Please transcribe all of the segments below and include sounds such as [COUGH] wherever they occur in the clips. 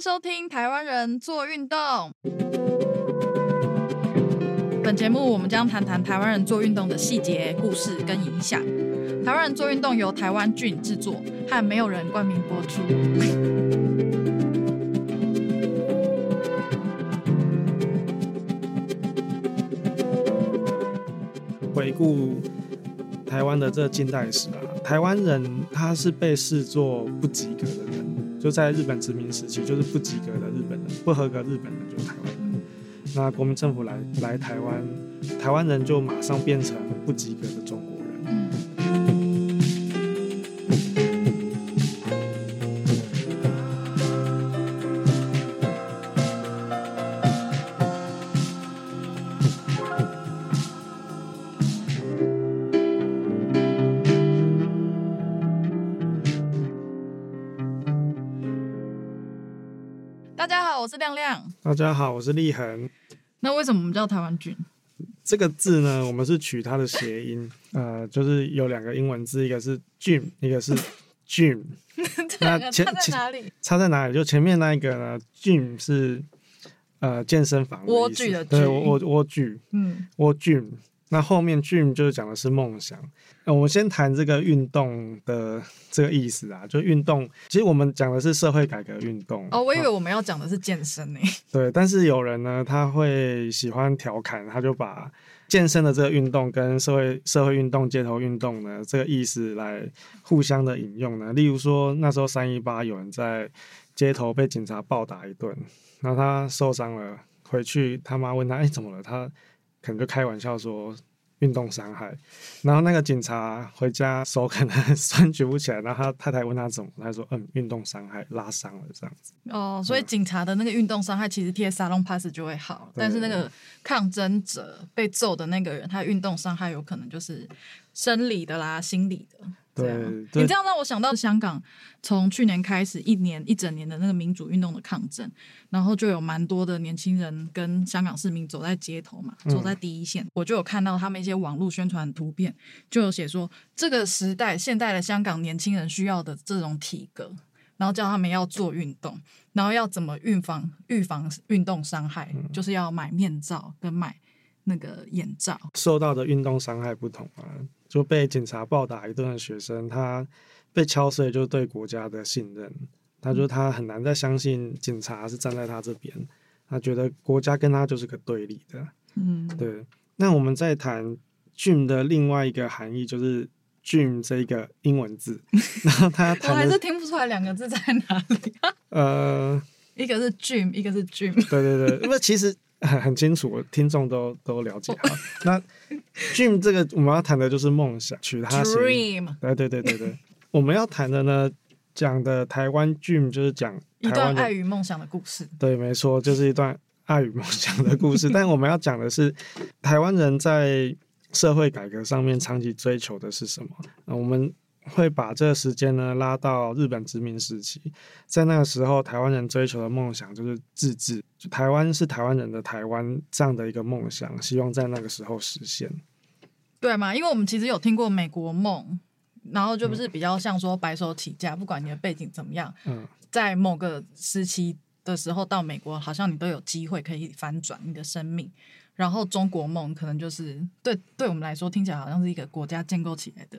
收聽台灣人做運動。本節目我們將談談台灣人做運動的細節故事跟影響。台灣人做運動由台灣菌製作和沒有人冠名播出。 [LAUGHS] 回顧台灣的這近代史啊，台灣人他是被視作不及格，就在日本殖民時期，就是不及格的日本人，不合格日本人，就是台灣人。那國民政府來來台灣，台灣人就馬上變成不及格的。亮亮，大家好，我是立恆。那為什麼我們叫台灣菌？這個字呢，我們是取它的諧音， [LAUGHS] 呃，就是有兩個英文字，一個是 gym，一個是 gym。 [LAUGHS] 那差在哪裡？差在哪裡？就前面那一個呢 gym 是呃健身房的意思。對，窩窩苣，嗯，窩苣。那後面 Dream 就講的是夢想。那、嗯、我們先談這個運動的這個意思啊，就運動。其實我們講的是社會改革運動。哦，我以為我們要講的是健身呢、欸啊。對，但是有人呢，他會喜歡調侃，他就把健身的這個運動跟社會社會運動、街頭運動呢這個意思來互相的引用呢。例如說，那時候三一八有人在街頭被警察暴打一頓，然後他受傷了，回去他媽問他：“哎，怎麼了？”他。可能就開玩笑說運動傷害，然後那個警察回家手可能酸舉不起來，然後他太太問他怎麼，他就說，嗯，運動傷害拉傷了這樣子。哦，所以警察的那個運動傷害其實貼撒隆巴斯就會好。哦，但是那個抗爭者被揍的那個人，他運動傷害有可能就是生理的啦、心理的。你對對對對、欸、這樣讓我想到香港從去年開始一年一整年的那個民主運動的抗爭，然後就有蠻多的年輕人跟香港市民走在街頭嘛，走在第一線。我就有看到他們一些網路宣傳圖片，就有寫說，這個時代現代的香港年輕人需要的這種體格，然後叫他們要做運動，然後要怎麼預防預防運動傷害，就是要買面罩跟買那個眼罩。受到的運動傷害不同啊。就被警察暴打一頓的學生，他被敲碎就是對國家的信任，嗯、他說他很難再相信警察是站在他這邊，他覺得國家跟他就是個對立的。嗯，對。那我們在談 gym 的另外一個含義，就是 gym 這一個英文字， [LAUGHS] 然後他我還是聽不出來兩個字在哪裡、啊。呃， [LAUGHS] 一個是 gym，一個是 gym。對對對，因 [LAUGHS] 為其實。很很清楚，聽眾都都了解了。哦、那 Gym [LAUGHS] 這個我們要談的就是夢想，取他是 dream。對對對對對， [LAUGHS] 我們要談的呢，講的台灣 Gym 就是講一段愛與夢想的故事。對，沒錯，就是一段愛與夢想的故事。 [LAUGHS] 但我們要講的是，台灣人在社會改革上面長期追求的是什麼？那我們。會把這個時間呢拉到日本殖民時期，在那個時候，台灣人追求的夢想就是自治，台灣是台灣人的台灣這樣的一個夢想，希望在那個時候實現。對嗎？因為我們其實有聽過美國夢，然後就不是比較像說白手起家，嗯，不管你的背景怎麼樣，嗯，在某個時期的時候到美國，好像你都有機會可以反轉你的生命。然後中國夢可能就是對對我們來說聽起來好像是一個國家建構起來的。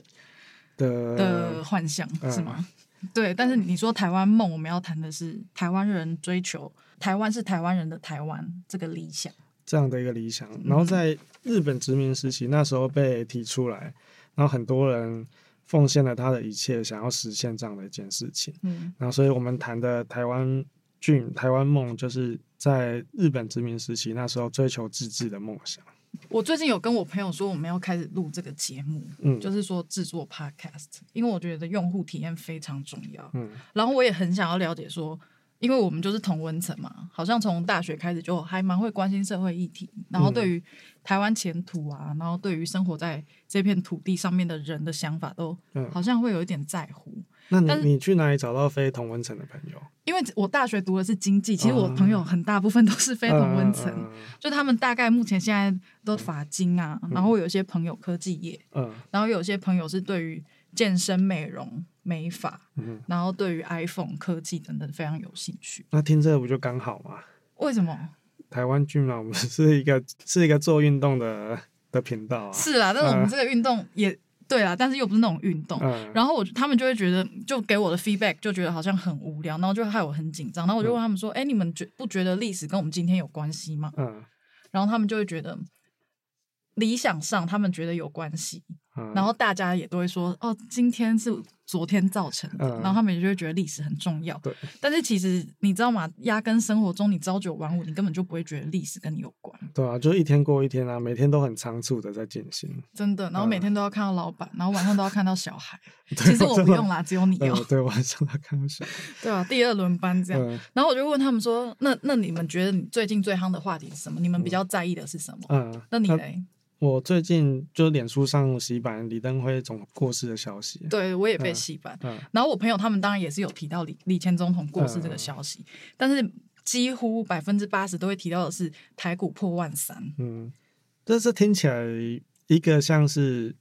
的幻想，嗯、是嗎？對，但是你說台灣夢，我們要談的是台灣人追求台灣是台灣人的台灣這個理想，這樣的一個理想。然後在日本殖民時期，那時候被提出來，然後很多人奉獻了他的一切，想要實現這樣的一件事情。嗯，然後所以我們談的台灣郡，台灣夢，就是在日本殖民時期那時候追求自治的夢想。我最近有跟我朋友說，我們要開始錄這個節目，嗯，就是說制作 podcast，因為我覺得用戶體驗非常重要，嗯，然後我也很想要了解說。因為我們就是同溫層嘛，好像從大學開始就還蠻會關心社會議題，然後對於台灣前途啊，然後對於生活在這片土地上面的人的想法都，好像會有一點在乎。嗯、那你，但你去哪裡找到非同溫層的朋友？因為我大學讀的是經濟，其實我朋友很大部分都是非同溫層，啊、就他們大概目前現在都法金啊、嗯，然後有一些朋友科技業，嗯，然後有一些朋友是對於健身美容。美髮，嗯，然後對於 iPhone 科技等等非常有興趣。那聽這個不就剛好嗎？為什麼？台灣菌嘛，我們是一個是一個做運動的的頻道啊。是啊，但是我們這個運動也、嗯、對啊，但是又不是那種運動、嗯。然後我他們就會覺得，就給我的 feedback 就覺得好像很無聊，然後就害我很緊張。然後我就問他們說：“哎、嗯欸，你們覺不覺得歷史跟我們今天有關係嗎？”嗯。然後他們就會覺得，理想上他們覺得有關係、嗯，然後大家也都會說：“哦，今天是。”昨天造成的，嗯、然後他們就會覺得歷史很重要。對，但是其實你知道嗎？壓根生活中你朝九晚五，你根本就不會覺得歷史跟你有關。對啊，就一天過一天啊，每天都很倉促的在進行。真的，然後每天都要看到老闆，嗯、然後晚上都要看到小孩。 [LAUGHS] 其實我不用啦，只有你用。對，晚上要看到小孩。 [LAUGHS] 對啊，第二輪班這樣、嗯。然後我就問他們說：“那那你們覺得你最近最夯的話題是什麼？你們比較在意的是什麼？”嗯，那你呢？嗯啊我最近就臉書上洗版李登輝總過世的消息，對我也被洗版，嗯嗯。然後我朋友他們當然也是有提到李李前總統過世這個消息，嗯，但是幾乎百分之八十都會提到的是台股破萬三。嗯，這是聽起來一個像是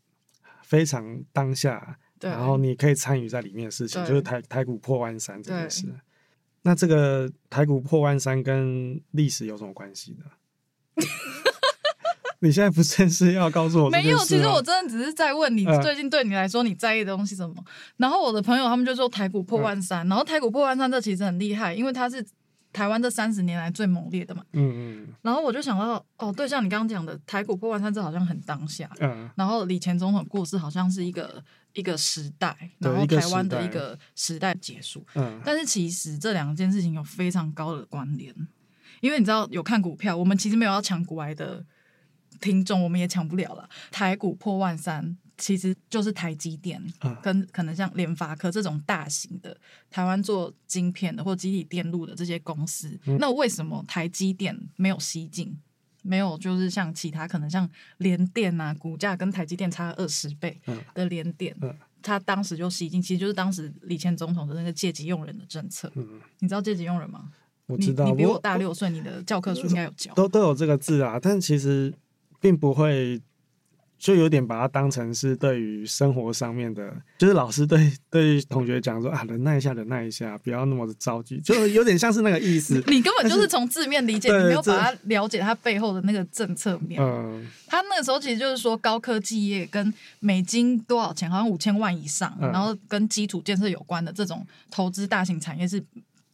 非常當下，對然後你可以參與在裡面的事情，就是台台股破萬三這件事。那這個台股破萬三跟歷史有什麼關係呢？你現在不正是要告訴我嗎？沒有，其實我真的只是在問你，嗯、最近對你來說你在意的東西什麼、嗯？然後我的朋友他們就說台股破萬三、嗯，然後台股破萬三這其實很厲害，因為它是台灣這三十年來最猛烈的嘛、嗯。然後我就想到，哦，對，像你剛剛講的台股破萬三這好像很當下。嗯、然後李前總統的故事好像是一個一個時代，然後台灣的一個時代結束、嗯。但是其實這兩件事情有非常高的關聯，因為你知道有看股票，我們其實沒有要搶股來的。聽眾，我們也搶不了了。台股破萬三，其實就是台積電、嗯、跟可能像聯發科這種大型的台灣做晶片的或積體電路的這些公司、嗯。那為什麼台積電沒有西進？沒有就是像其他可能像聯電啊，股價跟台積電差二十倍的聯電，他、嗯嗯、當時就西進，其實就是當時李前總統的那個戒急用忍的政策。嗯、你知道戒急用忍嗎？我知道，你，你比我大六歲，你的教科書應該有教，都都有這個字啊。但其實。並不會，就有點把它當成是對於生活上面的，就是老師對對同學講說啊，忍耐一下，忍耐一下，不要那麼的着急，就有點像是那個意思。 [LAUGHS] 你根本就是從字面理解，你沒有把它了解它背後的那個政策面。嗯，他那個時候其實就是說高科技業跟美金多少錢，好像五千萬以上，嗯，然後跟基礎建設有關的這種投資大型產業是。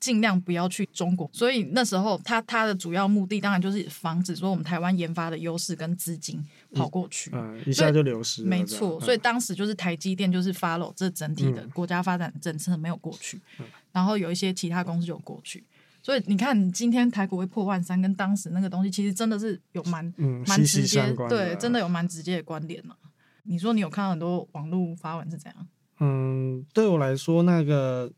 盡量不要去中國，所以那時候他他的主要目的當然就是防止說我們台灣研發的優勢跟資金跑過去，嗯嗯、一下就流失。沒錯，嗯，所以當時就是台積電就是 follow 這整體的國家發展政策沒有過去，嗯，然後有一些其他公司就有過去。所以你看今天台股會破萬三，跟當時那個東西其實真的是有蠻嗯蠻直接，啊，對，真的有蠻直接的關聯呢，啊。你說你有看到很多網路發文是怎樣？嗯，對我來說那個。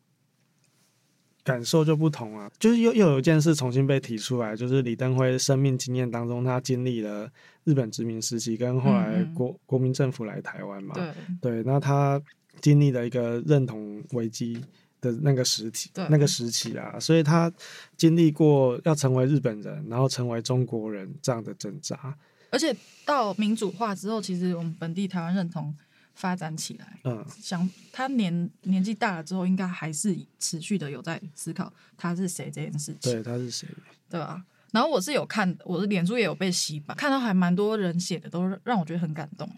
感受就不同啊，就是又又有一件事重新被提出來，就是李登輝生命經驗當中，他經歷了日本殖民時期跟後來國、嗯、國民政府來台灣嘛，對，對，那他經歷了一個認同危機的那個時期，對，那個時期啊，所以他經歷過要成為日本人，然後成為中國人這樣的掙扎，而且到民主化之後，其實我們本地台灣認同。發展起來，嗯，想他年年紀大了之後，應該還是持續的有在思考他是誰這件事情。對，他是誰？對吧？然後我是有看，我的臉書也有被洗版，看到還蠻多人寫的，都讓我覺得很感動。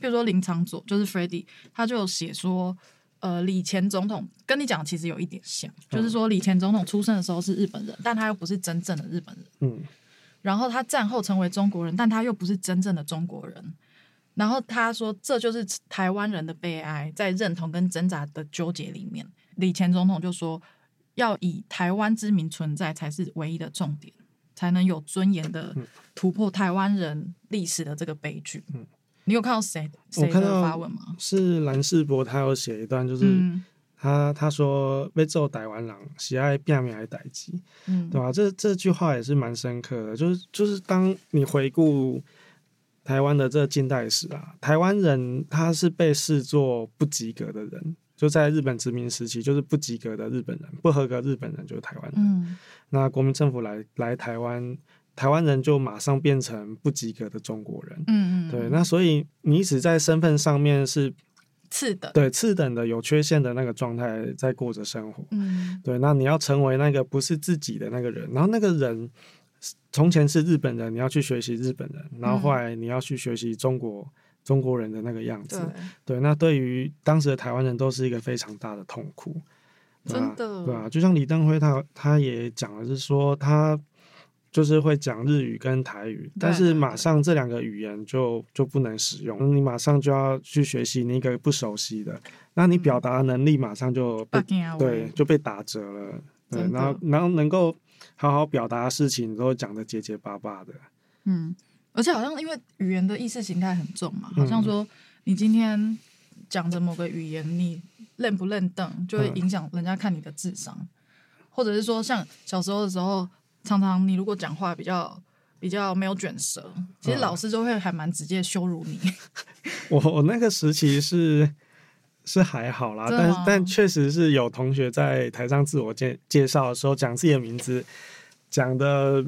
比如說林昶佐，就是 Freddy，他就寫說，呃，李前總統跟你講，其實有一點像，嗯，就是說李前總統出生的時候是日本人，但他又不是真正的日本人。嗯，然後他戰後成為中國人，但他又不是真正的中國人。然後他說：“這就是台灣人的悲哀，在認同跟掙扎的糾結裡面。”李前總統就說：“要以台灣之名存在，才是唯一的重點，才能有尊嚴的突破台灣人歷史的這個悲劇。”嗯，你有看到誰？誰的發文嗎？我看到是藍士博，他有寫一段，就是他、嗯、他說：“被揍台灣狼，喜愛變名還是逮雞嗯，對吧？這這句話也是蠻深刻的，就是就是當你回顧。台灣的這近代史啊，台灣人他是被視作不及格的人，就在日本殖民時期就是不及格的日本人，不合格日本人就是台灣人。嗯。那國民政府來來台灣，台灣人就馬上變成不及格的中國人。嗯，對，那所以你只在身份上面是次等，對，次等的有缺陷的那個狀態在過着生活，嗯。對，那你要成為那個不是自己的那個人，然後那個人。從前是日本人，你要去學習日本人，然後後來你要去學習中國、嗯、中國人的那個樣子。對，對那對於當時的台灣人都是一個非常大的痛苦。真的，對啊，對啊，就像李登輝他他也講的是說，他就是會講日語跟台語，對對對，但是馬上這兩個語言就就不能使用，你馬上就要去學習那個不熟悉的，那你表達能力馬上就被、嗯、對，就被打折了。對，然後然後能夠，好好表達事情都會講得結結巴巴的，嗯，而且好像因為語言的意識形態很重嘛、嗯，好像說你今天講着某個語言，你認不認得就會影響人家看你的智商、嗯，或者是說像小時候的時候，常常你如果講話比較比較沒有卷舌，其實老師就會還蠻直接羞辱你、嗯。我我那個時期是。 [LAUGHS] 是還好啦，但但確實是有同學在台上自我介介紹的時候，講自己的名字，講的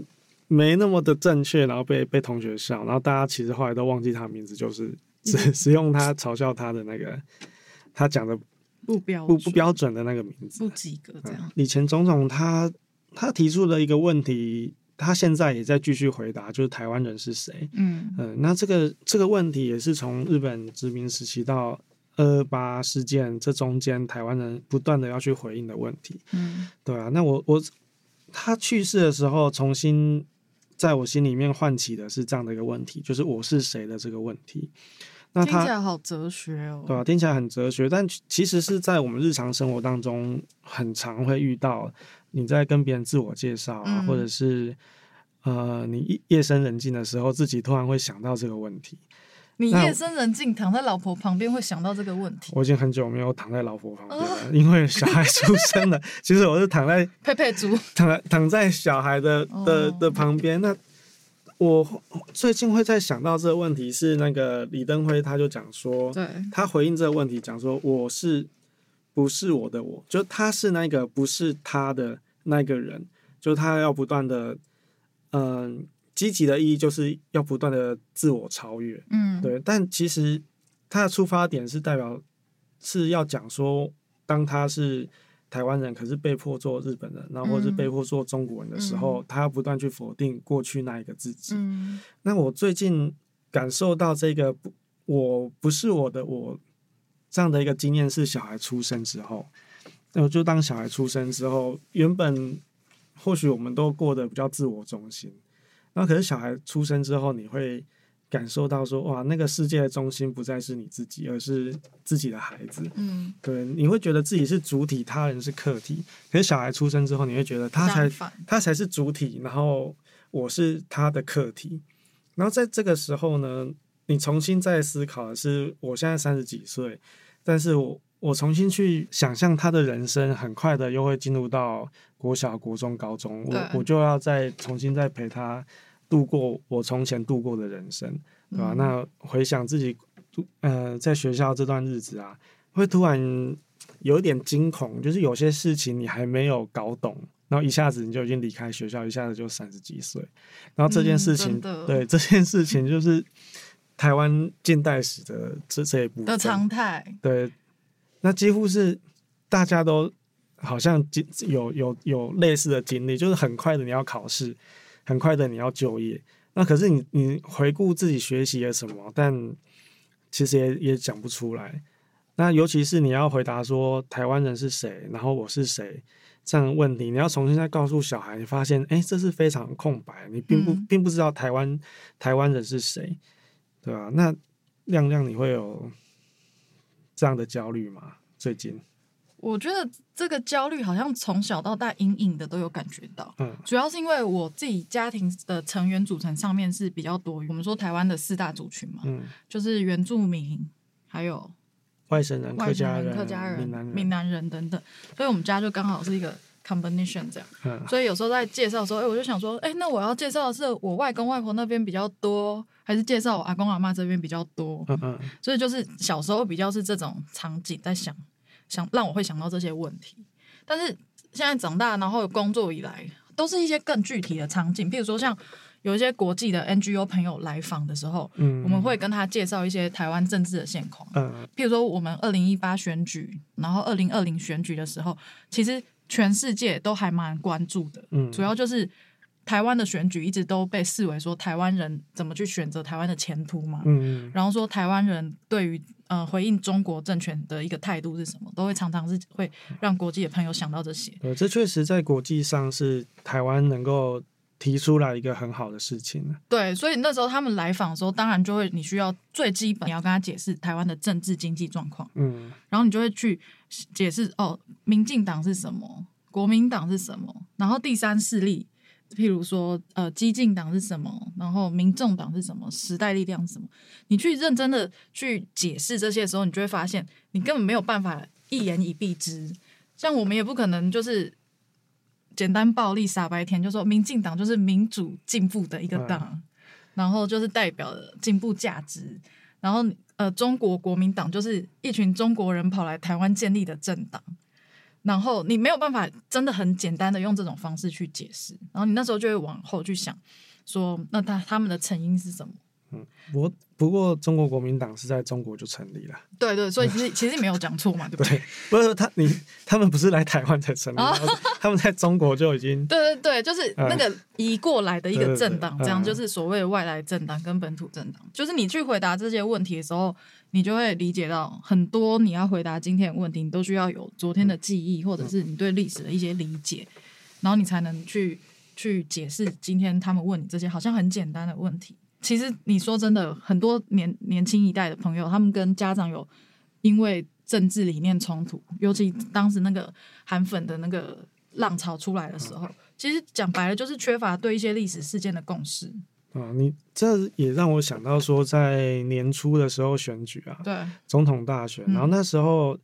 沒那麼的正確，然後被被同學笑，然後大家其實後來都忘記他的名字，就是只只用他嘲笑他的那個、嗯、他講的不，不標不不標準的那個名字，不及格這樣。李、嗯、前總統他他提出了一個問題，他現在也在繼續回答，就是台灣人是誰。嗯嗯，那這個這個問題也是從日本殖民時期到二、呃、八事件這中間，台灣人不斷的要去回應的問題，嗯、對啊。那我我他去世的時候，重新在我心裡面喚起的是這樣的一個問題，就是我是誰的這個問題。那他聽起來好哲學哦，對吧？啊？聽起來很哲學，但其實是在我們日常生活當中很常會遇到。你在跟別人自我介紹啊，嗯、或者是呃，你夜深人靜的時候，自己突然會想到這個問題。你夜深人靜躺在老婆旁邊會想到這個問題？我已經很久沒有躺在老婆旁邊了、呃，因為小孩出生了。 [LAUGHS] 其實我是躺在佩佩豬，躺在躺在小孩的的、哦、的旁邊。那我最近會在想到這個問題，是那個李登輝，他就講說對，他回應這個問題，講說，我是不是我的我？就他是那個不是他的那個人，就他要不斷的，嗯。積極的意義就是要不斷的自我超越，嗯，對。但其實他的出發點是代表是要講說，當他是台灣人，可是被迫做日本人，然後或者是被迫做中國人的時候，嗯，他要不斷去否定過去那一個自己。嗯，那我最近感受到這個，我不是我的我這樣的一個經驗是小孩出生之後，那我就當小孩出生之後，原本或許我們都過得比較自我中心。那可是小孩出生之後，你會感受到說，哇，那個世界的中心不再是你自己，而是自己的孩子。嗯，對，你會覺得自己是主體，他人是客體。可是小孩出生之後，你會覺得他才他才是主體，然後我是他的客體。然後在這個時候呢，你重新再思考的是，我現在三十幾歲，但是我。我重新去想象他的人生，很快的又會進入到國小、國中、高中，我我就要再重新再陪他度過我從前度過的人生，嗯、對吧、啊？那回想自己，嗯、呃，在學校這段日子啊，會突然有一點驚恐，就是有些事情你還沒有搞懂，然後一下子你就已經離開學校，一下子就三十幾歲，然後這件事情、嗯，對，這件事情就是台灣近代史的這這一部分的常態，對。那幾乎是大家都好像經有有有類似的經歷，就是很快的你要考試，很快的你要就業。那可是你你回顧自己學習了什麼，但其實也也講不出來。那尤其是你要回答說台灣人是誰，然後我是誰這樣的問題，你要重新再告訴小孩，你發現誒，這是非常空白，你並不並不知道台灣台灣人是誰，對吧？那亮亮你會有。這樣的焦慮嗎？最近，我覺得這個焦慮好像從小到大隱隱的都有感覺到，嗯。主要是因為我自己家庭的成員組成上面是比較多。我們說台灣的四大族群嘛，嗯，就是原住民，還有外省、外省人、客家人、閩南、閩南人等等。所以我們家就剛好是一個 combination 這樣。嗯，所以有時候在介紹的時候，哎、欸，我就想說，哎、欸，那我要介紹的是我外公外婆那邊比較多。還是介紹我阿公阿媽這邊比較多，嗯嗯，所以就是小時候比較是這種場景在想，想讓我會想到這些問題。但是現在長大，然後工作以來，都是一些更具體的場景，譬如說像有一些國際的 NGO 朋友來訪的時候，嗯，我們會跟他介紹一些台灣政治的現況，嗯，譬如說我們二零一八選舉，然後二零二零選舉的時候，其實全世界都還蠻關注的，嗯，主要就是。台灣的選舉一直都被視為說台灣人怎麼去選擇台灣的前途嘛，嗯，然後說台灣人對於呃回應中國政權的一個態度是什麼，都會常常是會讓國際的朋友想到這些。呃，這確實在國際上是台灣能夠提出來一個很好的事情。對，所以那時候他們來訪的時候，當然就會你需要最基本你要跟他解釋台灣的政治經濟狀況，嗯，然後你就會去解釋哦，民進黨是什麼，國民黨是什麼，然後第三勢力，譬如說，呃，激進黨是什麼？然後民眾黨是什麼？時代力量是什麼？你去認真的去解釋這些時候，你就會發現，你根本沒有辦法一言以蔽之。像我們也不可能就是簡單暴力、傻白甜，就說民進黨就是民主進步的一個黨，嗯、然後就是代表了進步價值。然後，呃，中國國民黨就是一群中國人跑來台灣建立的政黨。然後你沒有辦法真的很簡單的用這種方式去解釋，然後你那時候就會往後去想說，說那他他們的成因是什麼？嗯，不過不過，中國國民黨是在中國就成立了。對對，所以其實其實你沒有講錯嘛， [LAUGHS] 對不對？不是他，你他們不是來台灣才成立， [LAUGHS] 他們在中國就已經。 [LAUGHS] 對對對，就是那個移過來的一個政黨，嗯、這樣就是所謂的外來政黨跟本土政黨。對對對、嗯。就是你去回答這些問題的時候，你就會理解到很多。你要回答今天的問題，你都需要有昨天的記憶，或者是你對歷史的一些理解，嗯、然後你才能去去解釋今天他們問你這些好像很簡單的問題。其實你說真的，很多年年輕一代的朋友，他們跟家長有因為政治理念衝突，尤其當時那個韓粉的那個浪潮出來的時候，啊，其實講白了就是缺乏對一些歷史事件的共識。啊，你這也讓我想到說，在年初的時候選舉啊，對總統大選，然後那時候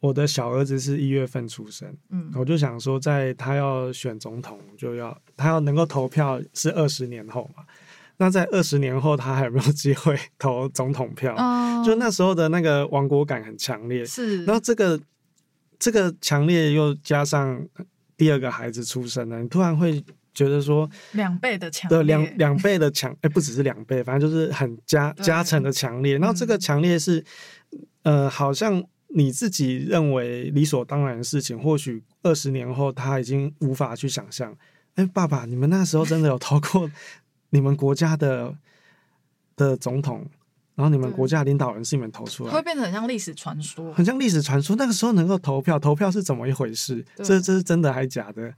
我的小兒子是一月份出生，嗯，我就想說，在他要選總統，就要他要能夠投票，是二十年後嘛。那在二十年後，他還有沒有機會投總統票，嗯？就那時候的那個亡國感很強烈。是，然後這個這個強烈又加上第二個孩子出生了，你突然會覺得說兩倍的強烈，兩，兩倍的強，對兩兩倍的強，哎，不只是兩倍，反正就是很加加成的強烈。然後這個強烈是、嗯，呃，好像你自己認為理所當然的事情，或許二十年後他已經無法去想象哎，爸爸，你們那時候真的有投過？ [LAUGHS] 你們國家的的總統，然後你們國家的領導人是你們投出來，會變成很像歷史傳說，很像歷史傳說。那個時候能夠投票，投票是怎麼一回事？這這是真的還是假的？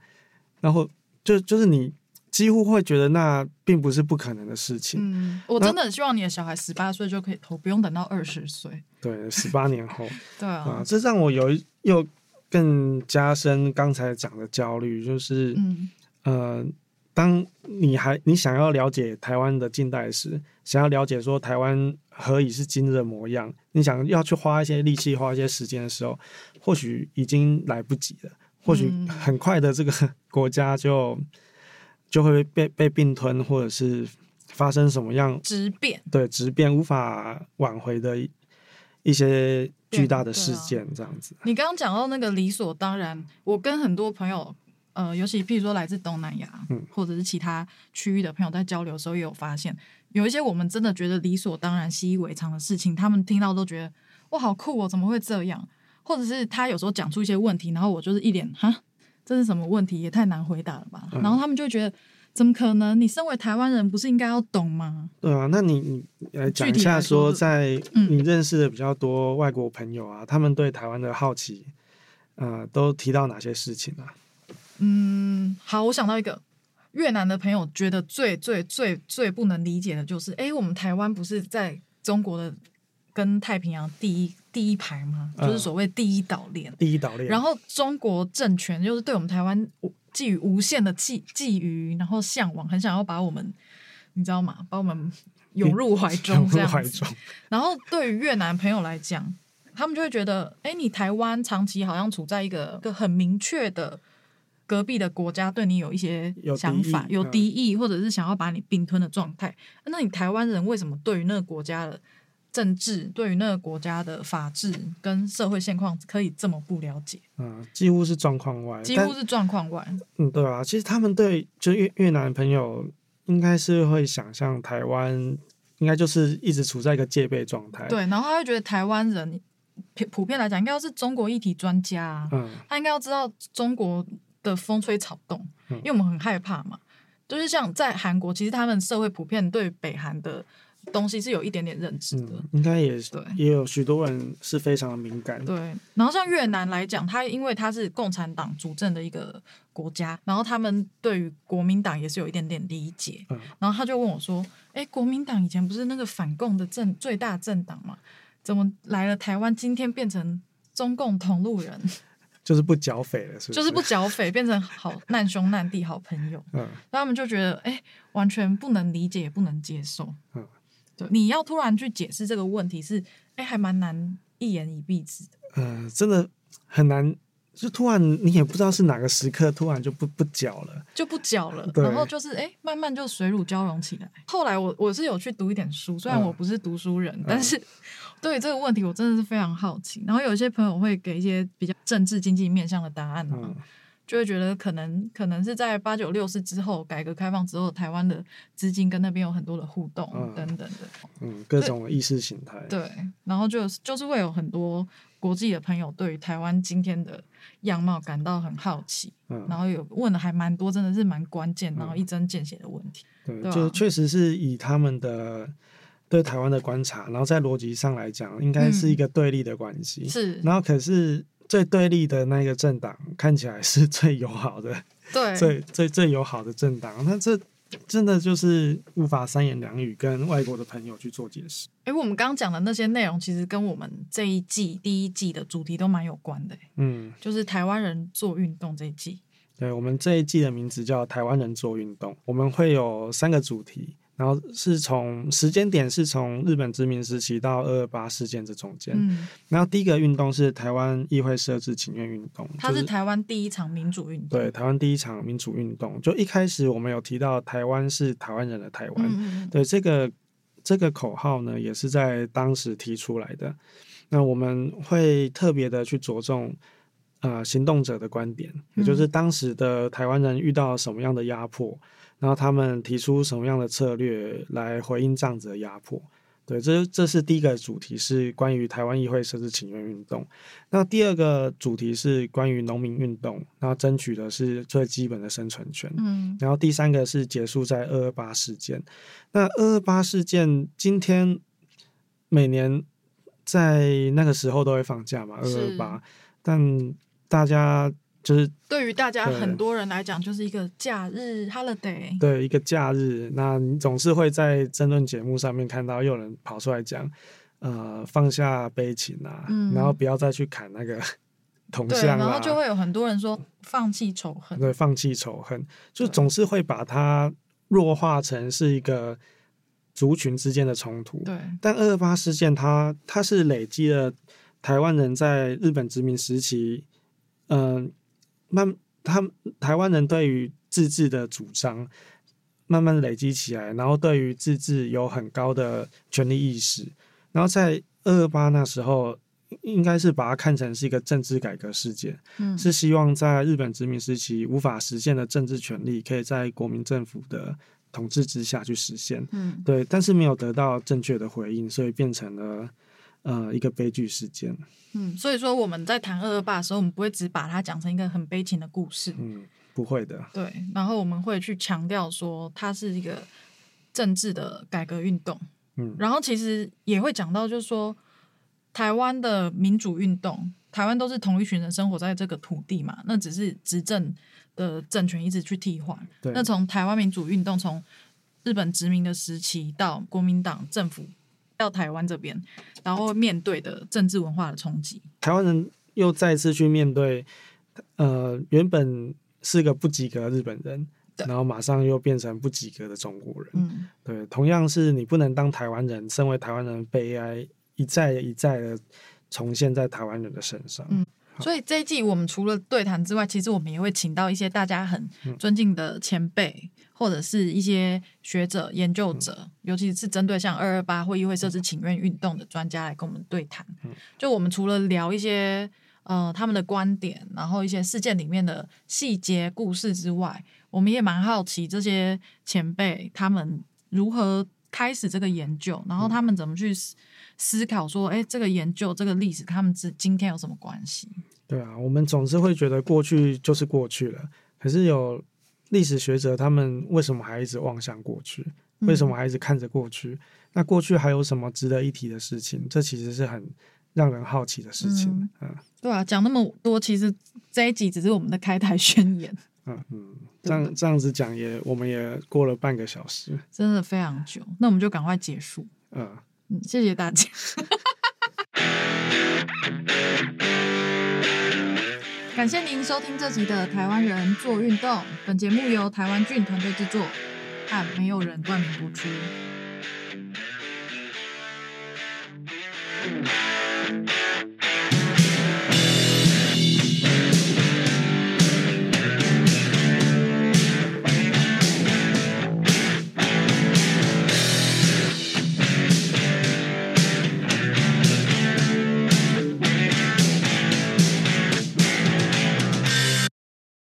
然後就就是你幾乎會覺得那並不是不可能的事情。嗯、我真的很希望你的小孩十八歲就可以投，不用等到二十歲。對，十八年後。 [LAUGHS] 對啊，啊，這讓我有又更加深剛才講的焦慮，就是嗯、呃當你還你想要了解台灣的近代史，想要了解說台灣何以是今日的模樣，你想要去花一些力氣、花一些時間的時候，或許已經來不及了。或許很快的，這個國家就、嗯、就、就會被被併吞，或者是發生什麼樣質變？對，質變無法挽回的一些巨大的事件、啊，這樣子。你剛剛講到那個理所當然，我跟很多朋友。呃，尤其譬如說來自東南亞、嗯，或者是其他區域的朋友在交流的時候，也有發現有一些我們真的覺得理所當然、習以為常的事情，他們聽到都覺得哇，好酷哦、喔，怎麼會這樣？或者是他有時候講出一些問題，然後我就是一臉哈，這是什麼問題？也太難回答了吧？嗯、然後他們就覺得怎麼可能？你身為台灣人，不是應該要懂嗎？對啊，那你你來講一下說，說、就是嗯、在你認識的比較多外國朋友啊，他們對台灣的好奇，呃，都提到哪些事情啊？嗯，好，我想到一個越南的朋友，覺得最最最最不能理解的就是，哎、欸，我們台灣不是在中國的跟太平洋第一第一排嗎？就是所謂第一島鏈、嗯。第一島鏈。然後中國政權就是對我們台灣寄予無限的寄寄予，然後嚮往，很想要把我們，你知道嗎？把我們湧入懷中這樣子。然後對於越南朋友來講，他們就會覺得，哎、欸，你台灣長期好像處在一個，一個很明確的。隔壁的國家對你有一些想法，有敵意，有敵意、嗯，或者是想要把你併吞的狀態，那你台灣人為什麼對於那個國家的政治，對於那個國家的法治跟社會現況可以這麼不了解？嗯，幾乎是狀況外，幾乎是狀況外。嗯，對啊，其實他們對就越越南朋友應該是會想象台灣應該就是一直處在一個戒備狀態，嗯，對，然後他會覺得台灣人普，普遍來講應該是中國議題專家，啊，嗯，他應該要知道中國的風吹草動，因為我們很害怕嘛。嗯、就是像在韓國，其實他們社會普遍對北韓的東西是有一點點認知的，嗯、應該也是對，也有許多人是非常的敏感。對，然後像越南來講，他因為他是共產黨主政的一個國家，然後他們對於國民黨也是有一點點理解。嗯、然後他就問我說：“哎、欸，國民黨以前不是那個反共的政最大政黨嘛？怎麼來了台灣，今天變成中共同路人？”就是不剿匪了，是不是？就是不剿匪，變成好難兄難弟、好朋友。 [LAUGHS] 嗯，那他們就覺得，哎、欸，完全不能理解，也不能接受。嗯，對，你要突然去解釋這個問題是，是、欸、哎，還蠻難一言以蔽之的。嗯、呃，真的很難。就突然，你也不知道是哪個時刻，突然就不不攪了，就不攪了。然後就是誒、欸，慢慢就水乳交融起來。後來我我是有去讀一點書，雖然我不是讀書人，嗯、但是、嗯、對於這個問題我真的是非常好奇。然後有一些朋友會給一些比較政治經濟面向的答案啊。嗯就會覺得可能可能是在八九六四之後，改革開放之後，台灣的資金跟那邊有很多的互動、嗯、等等的，嗯，各種意識形態。對，對，然後就就是會有很多國際的朋友對於台灣今天的樣貌感到很好奇、嗯，然後有問的還蠻多，真的是蠻關鍵，然後一針見血的問題。嗯、對，對，就確實是以他們的對台灣的觀察，然後在邏輯上來講，應該是一個對立的關係。嗯、是，然後可是。最對立的那個政黨看起來是最友好的，對，最最最友好的政黨，那這真的就是無法三言兩語跟外國的朋友去做解釋。哎、欸，我們剛剛講的那些內容，其實跟我們這一季第一季的主題都蠻有關的、欸。嗯，就是台灣人做運動這一季。對，我們這一季的名字叫台灣人做運動，我們會有三個主題。然後是從時間點是從日本殖民時期到二二八事件這中間，嗯，然後第一個運動是台灣議會設置請願運動，它是台灣第一場民主運動，就是，對，台灣第一場民主運動。就一開始我們有提到台灣是台灣人的台灣，嗯嗯，對，這個這個口號呢，也是在當時提出來的。那我們會特別的去着重，呃，行動者的觀點，也就是當時的台灣人遇到什麼樣的壓迫。嗯然後他們提出什麼樣的策略來回應這樣子的壓迫？對，這這是第一個主題，是關於台灣議會設置請願運動。那第二個主題是關於農民運動，然後爭取的是最基本的生存權。嗯，然後第三個是結束在二二八事件。那二二八事件今天每年在那個時候都會放假嘛？二二八，但大家。就是對於大家很多人來講，就是一個假日，holiday。對，一個假日，那你總是會在爭論節目上面看到又有人跑出來講，呃，放下悲情啊，嗯，然後不要再去砍那個銅像啊，然後就會有很多人說放棄仇恨，對，放棄仇恨，就總是會把它弱化成是一個族群之間的衝突。對，但二二八事件它，它它是累積了台灣人在日本殖民時期，嗯。那他們台灣人對於自治的主張慢慢累積起來，然後對於自治有很高的權利意識，然後在二二八那時候，應該是把它看成是一個政治改革事件，嗯，是希望在日本殖民時期無法實現的政治權利，可以在國民政府的統治之下去實現。嗯，對，但是沒有得到正確的回應，所以變成了。呃，一個悲劇事件。嗯，所以說我們在談二二八的時候，我們不會只把它講成一個很悲情的故事。嗯，不會的。對，然後我們會去強調說，它是一個政治的改革運動。嗯，然後其實也會講到，就是說台灣的民主運動，台灣都是同一群人生活在這個土地嘛，那只是執政的政權一直去替換。對。那從台灣民主運動，從日本殖民的時期到國民黨政府。到台灣這邊，然後面對的政治文化的衝擊，台灣人又再次去面對，呃，原本是個不及格日本人，然後馬上又變成不及格的中國人。嗯、對，同樣是你不能當台灣人，身為台灣人悲哀一再一再的重現在台灣人的身上。嗯所以這一季我們除了對談之外，其實我們也會請到一些大家很尊敬的前輩、嗯，或者是一些學者、研究者，嗯、尤其是針對像二二八或議會設置請願運動的專家來跟我們對談、嗯。就我們除了聊一些呃他們的觀點，然後一些事件裡面的細節故事之外，我們也蠻好奇這些前輩他們如何開始這個研究，然後他們怎麼去。思考說：“誒、欸，這個研究，這個歷史，他們之今天有什麼關係？”對啊，我們總是會覺得過去就是過去了。可是有歷史學者，他們為什麼還一直望向過去？為什麼還一直看着過去、嗯？那過去還有什麼值得一提的事情？這其實是很讓人好奇的事情。嗯，嗯對啊，講那麼多，其實這一集只是我們的開台宣言。嗯嗯，這樣這樣子講也，我們也過了半個小時，真的非常久。那我們就趕快結束。嗯。嗯，謝謝大家。 [LAUGHS] 感謝您收聽這集的《台灣人做運動》。本節目由台灣菌團隊製作，但沒有人冠名播出。